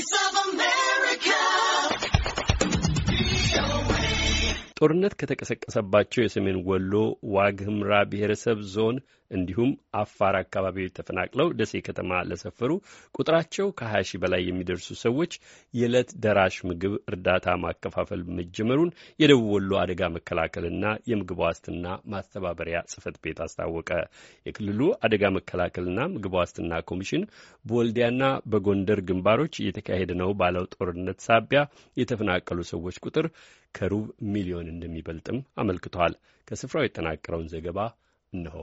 voice of ጦርነት ከተቀሰቀሰባቸው የሰሜን ወሎ ዋግ ህምራ ብሔረሰብ ዞን እንዲሁም አፋር አካባቢ ተፈናቅለው ደሴ ከተማ ለሰፈሩ ቁጥራቸው ከ20 ሺ በላይ የሚደርሱ ሰዎች የዕለት ደራሽ ምግብ እርዳታ ማከፋፈል መጀመሩን የደቡብ ወሎ አደጋ መከላከልና የምግብ ዋስትና ማስተባበሪያ ጽህፈት ቤት አስታወቀ። የክልሉ አደጋ መከላከልና ምግብ ዋስትና ኮሚሽን በወልዲያና በጎንደር ግንባሮች እየተካሄደ ነው ባለው ጦርነት ሳቢያ የተፈናቀሉ ሰዎች ቁጥር ከሩብ ሚሊዮን እንደሚበልጥም አመልክቷል። ከስፍራው የጠናቀረውን ዘገባ እነሆ።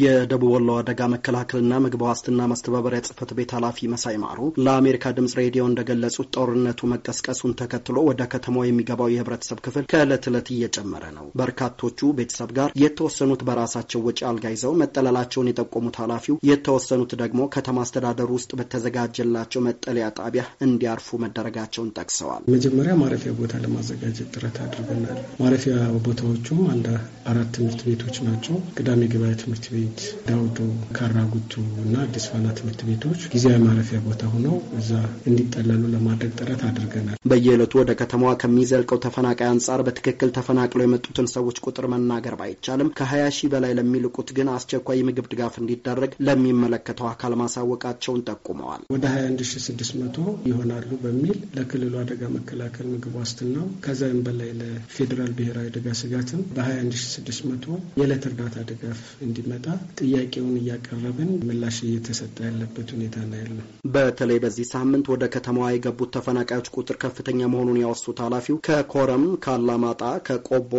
የደቡብ ወሎ አደጋ መከላከልና ምግብ ዋስትና ማስተባበሪያ ጽህፈት ቤት ኃላፊ መሳይ ማሩ ለአሜሪካ ድምጽ ሬዲዮ እንደገለጹት ጦርነቱ መቀስቀሱን ተከትሎ ወደ ከተማው የሚገባው የህብረተሰብ ክፍል ከዕለት ዕለት እየጨመረ ነው። በርካቶቹ ቤተሰብ ጋር፣ የተወሰኑት በራሳቸው ወጪ አልጋ ይዘው መጠለላቸውን የጠቆሙት ኃላፊው የተወሰኑት ደግሞ ከተማ አስተዳደሩ ውስጥ በተዘጋጀላቸው መጠለያ ጣቢያ እንዲያርፉ መደረጋቸውን ጠቅሰዋል። መጀመሪያ ማረፊያ ቦታ ለማዘጋጀት ጥረት አድርገናል። ማረፊያ ቦታዎቹም አንድ አራት ትምህርት ቤቶች ናቸው። ቅዳሜ ገበያ ትምህርት ቤት ቤት፣ ዳውዶ፣ ካራጉቱ እና አዲስ ፋና ትምህርት ቤቶች ጊዜያዊ ማረፊያ ቦታ ሆነው እዛ እንዲጠለሉ ለማድረግ ጥረት አድርገናል። በየዕለቱ ወደ ከተማዋ ከሚዘልቀው ተፈናቃይ አንጻር በትክክል ተፈናቅለው የመጡትን ሰዎች ቁጥር መናገር ባይቻልም ከሀያ ሺህ በላይ ለሚልቁት ግን አስቸኳይ የምግብ ድጋፍ እንዲደረግ ለሚመለከተው አካል ማሳወቃቸውን ጠቁመዋል። ወደ 21600 ይሆናሉ በሚል ለክልሉ አደጋ መከላከል ምግብ ዋስትናው ከዛም በላይ ለፌዴራል ብሔራዊ አደጋ ስጋትም በ21600 የዕለት እርዳታ ድጋፍ እንዲመጣ ጥያቄውን እያቀረብን ምላሽ እየተሰጠ ያለበት ሁኔታ ና ያለ በተለይ በዚህ ሳምንት ወደ ከተማዋ የገቡት ተፈናቃዮች ቁጥር ከፍተኛ መሆኑን ያወሱት ኃላፊው ከኮረም፣ ከአላማጣ፣ ከቆቦ፣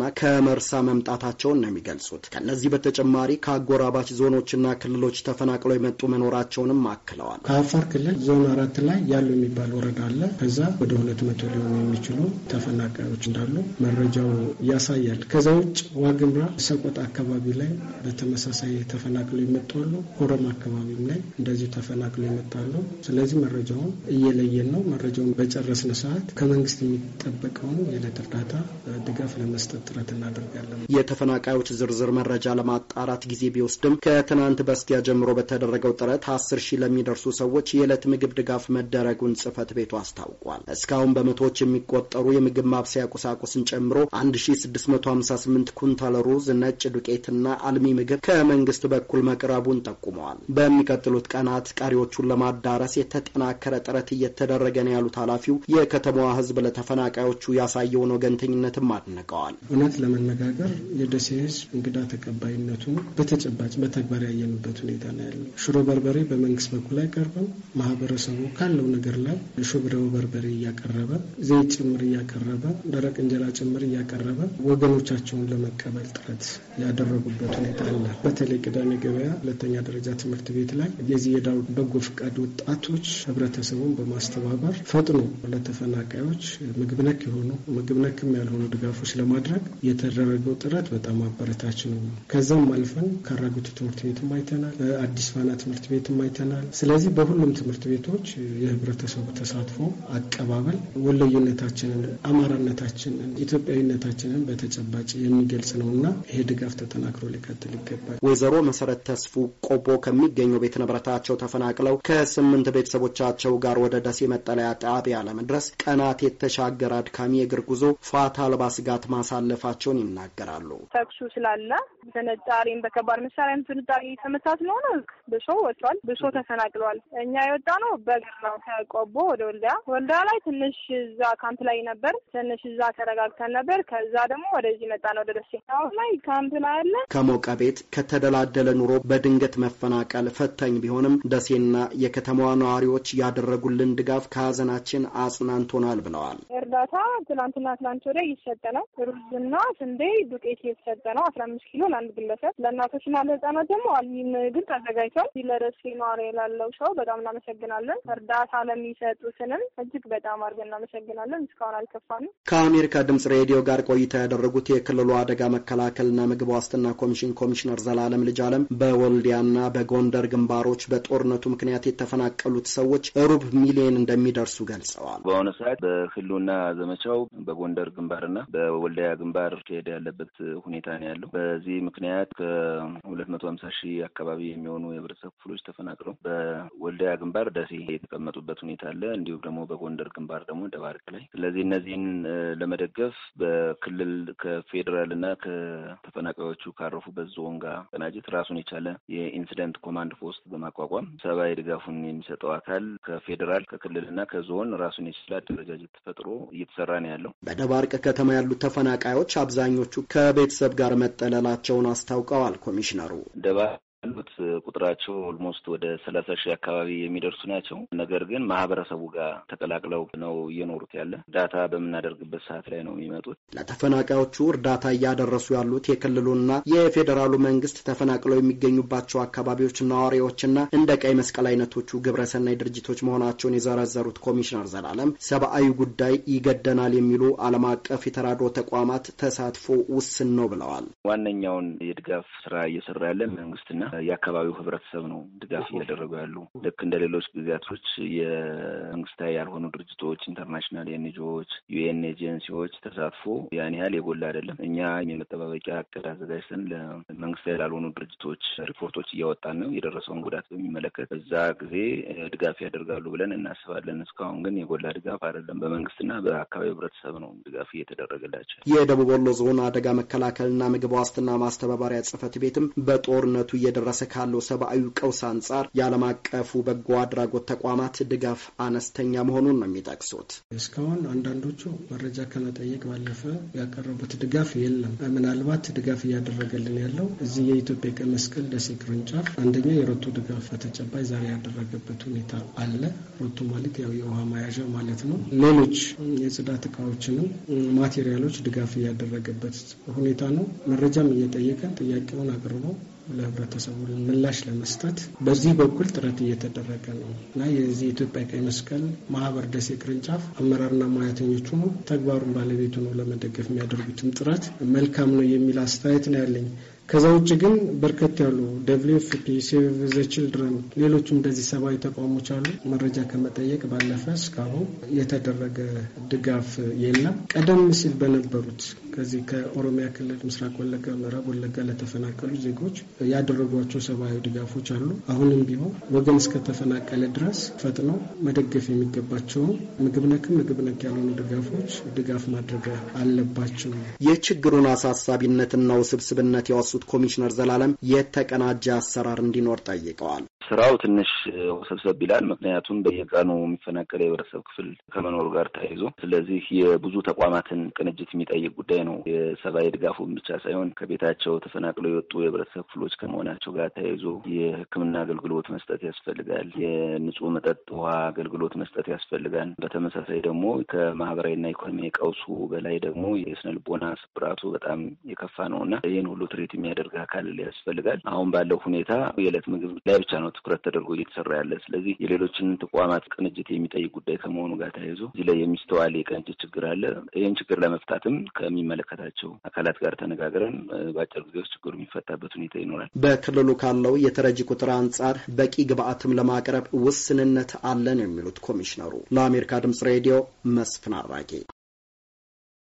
ና ከመርሳ መምጣታቸውን ነው የሚገልጹት። ከእነዚህ በተጨማሪ ከአጎራባች ዞኖችና ክልሎች ተፈናቅለው የመጡ መኖራቸውንም አክለዋል። ከአፋር ክልል ዞን አራት ላይ ያሉ የሚባል ወረዳ አለ። ከዛ ወደ ሁለት መቶ ሊሆኑ የሚችሉ ተፈናቃዮች እንዳሉ መረጃው ያሳያል። ከዛ ውጭ ዋግምራ ሰቆጣ አካባቢ ላይ በተመሳሳይ ተፈናቅለው ይመጣሉ። ኦሮም አካባቢም ላይ እንደዚሁ ተፈናቅለው ይመጣሉ። ስለዚህ መረጃውን እየለየን ነው። መረጃውን በጨረስን ሰዓት ከመንግስት የሚጠበቀውን የዕለት እርዳታ ድጋፍ ለመስጠት ጥረት እናደርጋለን። የተፈናቃዮች ዝርዝር መረጃ ለማጣራት ጊዜ ቢወስድም ከትናንት በስቲያ ጀምሮ በተደረገው ጥረት አስር ሺህ ለሚደርሱ ሰዎች የዕለት ምግብ ድጋፍ መደረጉን ጽህፈት ቤቱ አስታውቋል። እስካሁን በመቶዎች የሚቆጠሩ የምግብ ማብሰያ ቁሳቁስን ጨምሮ 1658 ኩንታል ሩዝ፣ ነጭ ዱቄትና አልሚ ምግብ ከመንግስት በኩል መቅረቡን ጠቁመዋል። በሚቀጥሉት ቀናት ቀሪዎቹን ለማዳረስ የተጠናከረ ጥረት እየተደረገ ነው ያሉት ኃላፊው የከተማዋ ህዝብ ለተፈናቃዮቹ ያሳየውን ወገንተኝነትም አድንቀዋል። እውነት ለመነጋገር የደሴ ህዝብ እንግዳ ተቀባይነቱ በተጨባጭ በተግባር ያየንበት ሁኔታ ነው ያለው። ሽሮ በርበሬ በመንግስት በኩል አይቀርብም። ማህበረሰቡ ካለው ነገር ላይ ሽሮ በርበሬ እያቀረበ ዘይት ጭምር እያቀረበ ደረቅ እንጀራ ጭምር እያቀረበ ወገኖቻቸውን ለመቀበል ጥረት ያደረጉበት ሁኔታ አለ። በተለይ ቅዳሜ ገበያ ሁለተኛ ደረጃ ትምህርት ቤት ላይ የዚህ የዳው በጎ ፈቃድ ወጣቶች ህብረተሰቡን በማስተባበር ፈጥኖ ለተፈናቃዮች ምግብ ነክ የሆኑ ምግብ ነክም ያልሆኑ ድጋፎች ለማድረግ የተደረገው ጥረት በጣም አበረታች ነው። ከዛም አልፈን ካራጉት ትምህርት ቤትም አይተናል። አዲስ ፋና ትምህርት ቤትም አይተናል። ስለዚህ በሁሉም ትምህርት ቤቶች የህብረተሰቡ ተሳትፎ አቀባበል ወለዩነታችንን፣ አማራነታችንን፣ ኢትዮጵያዊነታችንን በተጨባጭ የሚገልጽ ነው እና ይሄ ድጋፍ ተጠናክሮ ሊቀጥል ይገባል። ወይዘሮ መሰረት ተስፉ ቆቦ ከሚገኘው ቤት ንብረታቸው ተፈናቅለው ከስምንት ቤተሰቦቻቸው ጋር ወደ ደሴ መጠለያ ጣቢያ ለመድረስ ቀናት የተሻገረ አድካሚ የእግር ጉዞ ፋታ አልባ ስጋት ማሳለፋቸውን ይናገራሉ። ተኩሱ ስላለ ፍንጣሬን በከባድ መሳሪያ ፍንጣሬ የተመታ ስለሆነ ብሶ ወጥቷል። ብሶ ተፈናቅሏል። እኛ የወጣ ነው በእግር ነው ከቆቦ ወደ ወልዲያ። ወልዲያ ላይ ትንሽ እዛ ካምፕ ላይ ነበር። ትንሽ እዛ ተረጋግተን ነበር። ከዛ ደግሞ ወደዚህ መጣ ነው ወደ ደሴ። አሁን ላይ ካምፕ ላይ ያለ ከሞቀቤ ቤት ከተደላደለ ኑሮ በድንገት መፈናቀል ፈታኝ ቢሆንም ደሴና የከተማዋ ነዋሪዎች ያደረጉልን ድጋፍ ከሀዘናችን አጽናንቶናል ብለዋል። እርዳታ ትናንትና ትናንት ወዲያ እየተሰጠ ነው። ሩዝና ስንዴ፣ ዱቄት እየተሰጠ ነው። አስራ አምስት ኪሎ ለአንድ ግለሰብ፣ ለእናቶችና ለህጻናት ደግሞ አልሚ ምግብ ተዘጋጅቷል። ለደሴ ነዋሪ ላለው ሰው በጣም እናመሰግናለን። እርዳታ ለሚሰጡትንም እጅግ በጣም አድርገን እናመሰግናለን። እስካሁን አልከፋንም። ከአሜሪካ ድምጽ ሬዲዮ ጋር ቆይታ ያደረጉት የክልሉ አደጋ መከላከልና ምግብ ዋስትና ኮሚሽን ኮሚሽነር ዘላለም ልጅ አለም በወልዲያና በጎንደር ግንባሮች በጦርነቱ ምክንያት የተፈናቀሉት ሰዎች ሩብ ሚሊዮን እንደሚደርሱ ገልጸዋል። በአሁኑ ሰዓት በህልውና ዘመቻው በጎንደር ግንባርና በወልዲያ ግንባር ሄደ ያለበት ሁኔታ ነው ያለው። በዚህ ምክንያት ከሁለት መቶ ሀምሳ ሺህ አካባቢ የሚሆኑ የህብረተሰብ ክፍሎች ተፈናቅለው በወልዲያ ግንባር ደሴ የተቀመጡበት ሁኔታ አለ። እንዲሁም ደግሞ በጎንደር ግንባር ደግሞ ደባርቅ ላይ። ስለዚህ እነዚህን ለመደገፍ በክልል ከፌዴራልና ከተፈናቃዮቹ ካረፉበት ዞን ጋር ቀናጅት ራሱን የቻለ የኢንሲደንት ኮማንድ ፖስት በማቋቋም ሰብአዊ ድጋፉን የሚሰጠው አካል ከፌዴራል ከክልልና ከዞን ራሱን የቻለ አደረጃጀት ተፈጥሮ እየተሰራ ነው ያለው። በደባርቅ ከተማ ያሉት ተፈናቃዮች አብዛኞቹ ከቤተሰብ ጋር መጠለላቸውን አስታውቀዋል ኮሚሽነሩ። ያሉት ቁጥራቸው ኦልሞስት ወደ ሰላሳ ሺህ አካባቢ የሚደርሱ ናቸው። ነገር ግን ማህበረሰቡ ጋር ተቀላቅለው ነው እየኖሩት ያለ። እርዳታ በምናደርግበት ሰዓት ላይ ነው የሚመጡት። ለተፈናቃዮቹ እርዳታ እያደረሱ ያሉት የክልሉና የፌዴራሉ መንግስት ተፈናቅለው የሚገኙባቸው አካባቢዎች ነዋሪዎችና እንደ ቀይ መስቀል አይነቶቹ ግብረሰናይ ድርጅቶች መሆናቸውን የዘረዘሩት ኮሚሽነር ዘላለም ሰብአዊ ጉዳይ ይገደናል የሚሉ ዓለም አቀፍ የተራድኦ ተቋማት ተሳትፎ ውስን ነው ብለዋል። ዋነኛውን የድጋፍ ስራ እየሰራ ያለ መንግስትና የአካባቢው ህብረተሰብ ነው ድጋፍ እያደረጉ ያሉ። ልክ እንደ ሌሎች ጊዜያቶች የመንግስታዊ ያልሆኑ ድርጅቶች፣ ኢንተርናሽናል ኤንጂኦዎች፣ ዩኤን ኤጀንሲዎች ተሳትፎ ያን ያህል የጎላ አይደለም። እኛ የመጠባበቂያ እቅድ አዘጋጅተን ለመንግስታዊ ላልሆኑ ድርጅቶች ሪፖርቶች እያወጣን ነው። የደረሰውን ጉዳት በሚመለከት እዛ ጊዜ ድጋፍ ያደርጋሉ ብለን እናስባለን። እስካሁን ግን የጎላ ድጋፍ አይደለም። በመንግስትና በአካባቢ ህብረተሰብ ነው ድጋፍ እየተደረገላቸው። የደቡብ ወሎ ዞን አደጋ መከላከልና ምግብ ዋስትና ማስተባበሪያ ጽህፈት ቤትም በጦርነቱ እየደረ እየደረሰ ካለው ሰብአዊ ቀውስ አንጻር የዓለም አቀፉ በጎ አድራጎት ተቋማት ድጋፍ አነስተኛ መሆኑን ነው የሚጠቅሱት። እስካሁን አንዳንዶቹ መረጃ ከመጠየቅ ባለፈ ያቀረቡት ድጋፍ የለም። ምናልባት ድጋፍ እያደረገልን ያለው እዚህ የኢትዮጵያ ቀይ መስቀል ደሴ ቅርንጫፍ አንደኛ የሮቶ ድጋፍ በተጨባጭ ዛሬ ያደረገበት ሁኔታ አለ። ሮቶ ማለት ያው የውሃ መያዣ ማለት ነው። ሌሎች የጽዳት እቃዎችንም ማቴሪያሎች ድጋፍ እያደረገበት ሁኔታ ነው። መረጃም እየጠየቀ ጥያቄውን አቅርበው ለህብረተሰቡ ምላሽ ለመስጠት በዚህ በኩል ጥረት እየተደረገ ነው እና የዚህ የኢትዮጵያ ቀይ መስቀል ማህበር ደሴ ቅርንጫፍ አመራርና ሙያተኞቹ ተግባሩን ባለቤቱ ነው ለመደገፍ የሚያደርጉትም ጥረት መልካም ነው የሚል አስተያየት ነው ያለኝ። ከዛ ውጭ ግን በርከት ያሉ ደብሊው ኤፍ ፒ ሴቭ ዘ ችልድረን፣ ሌሎችም እንደዚህ ሰብአዊ ተቋሞች አሉ። መረጃ ከመጠየቅ ባለፈ እስካሁን የተደረገ ድጋፍ የለም። ቀደም ሲል በነበሩት ከዚህ ከኦሮሚያ ክልል ምስራቅ ወለጋ፣ ምዕራብ ወለጋ ለተፈናቀሉ ዜጎች ያደረጓቸው ሰብአዊ ድጋፎች አሉ። አሁንም ቢሆን ወገን እስከተፈናቀለ ድረስ ፈጥኖ መደገፍ የሚገባቸውን ምግብ ነክም ምግብ ነክ ያልሆኑ ድጋፎች ድጋፍ ማድረግ አለባቸው። የችግሩን አሳሳቢነትና ውስብስብነት ያወሱ የጠቀሱት ኮሚሽነር ዘላለም የተቀናጀ አሰራር እንዲኖር ጠይቀዋል። ስራው ትንሽ ውስብስብ ይላል። ምክንያቱም በየቀኑ የሚፈናቀለ የህብረተሰብ ክፍል ከመኖሩ ጋር ተያይዞ ስለዚህ የብዙ ተቋማትን ቅንጅት የሚጠይቅ ጉዳይ ነው። የሰብአዊ ድጋፉን ብቻ ሳይሆን ከቤታቸው ተፈናቅለው የወጡ የህብረተሰብ ክፍሎች ከመሆናቸው ጋር ተያይዞ የሕክምና አገልግሎት መስጠት ያስፈልጋል። የንጹህ መጠጥ ውሃ አገልግሎት መስጠት ያስፈልጋል። በተመሳሳይ ደግሞ ከማህበራዊና ኢኮኖሚ ቀውሱ በላይ ደግሞ የስነ ልቦና ስብራቱ በጣም የከፋ ነው እና ይህን ሁሉ ትርኢት የሚያደርግ አካል ያስፈልጋል። አሁን ባለው ሁኔታ የዕለት ምግብ ላይ ብቻ ነው ትኩረት ተደርጎ እየተሰራ ያለ። ስለዚህ የሌሎችን ተቋማት ቅንጅት የሚጠይቅ ጉዳይ ከመሆኑ ጋር ተያይዞ እዚህ ላይ የሚስተዋል የቅንጅት ችግር አለ። ይህን ችግር ለመፍታትም ከሚመለከታቸው አካላት ጋር ተነጋግረን በአጭር ጊዜ ውስጥ ችግሩ የሚፈታበት ሁኔታ ይኖራል። በክልሉ ካለው የተረጂ ቁጥር አንጻር በቂ ግብአትም ለማቅረብ ውስንነት አለ ነው የሚሉት ኮሚሽነሩ። ለአሜሪካ ድምጽ ሬዲዮ መስፍን አራጌ